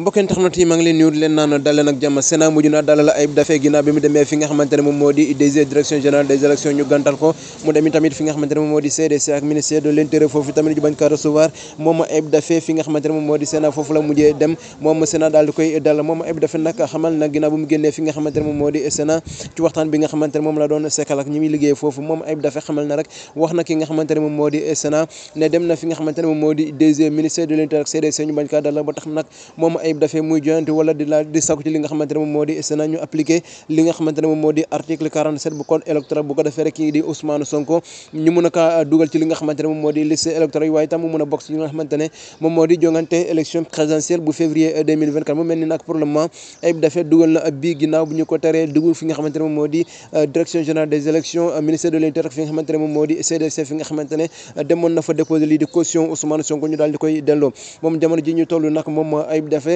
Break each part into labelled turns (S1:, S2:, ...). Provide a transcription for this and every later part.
S1: mbokk internet yi maa ngi leen nuyu leen naan mu demee des de l'intérieur de l'intérieur ak ñu bañ ko dalal ba tax nag moom ayib dafee euh, euh, dugal na bii ginnaaw bu ñu ko teree dugg euh, e na fa déposer lii di caution Sonko ñu daal di koy delloo moom jamono ji ñu toll nag moom ayib dafee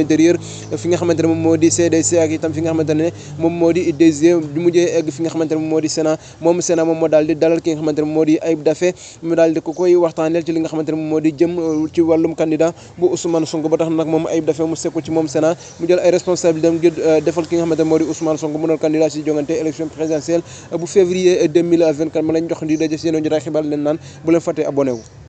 S1: l'intérieur fi nga xamante ne moom moo di CDC ak di mujjee egg fi nga xamante ne moom di Sénat moom moo daal di dalal ki nga xamante ne moom di jëm euh, ci wàllum candidat bu Ousmane Sonko ba tax nag moom Ayib Daffé mu sekku ci moom Sénat mu ay responsabilité euh, defal ki nga xamante ne moo di Ousmane Sonko mu doon si jongante élection présidentielle euh, bu février ma lañ jox di daje si yeneen jotaay xibaar leen naan bu leen fàtte abonné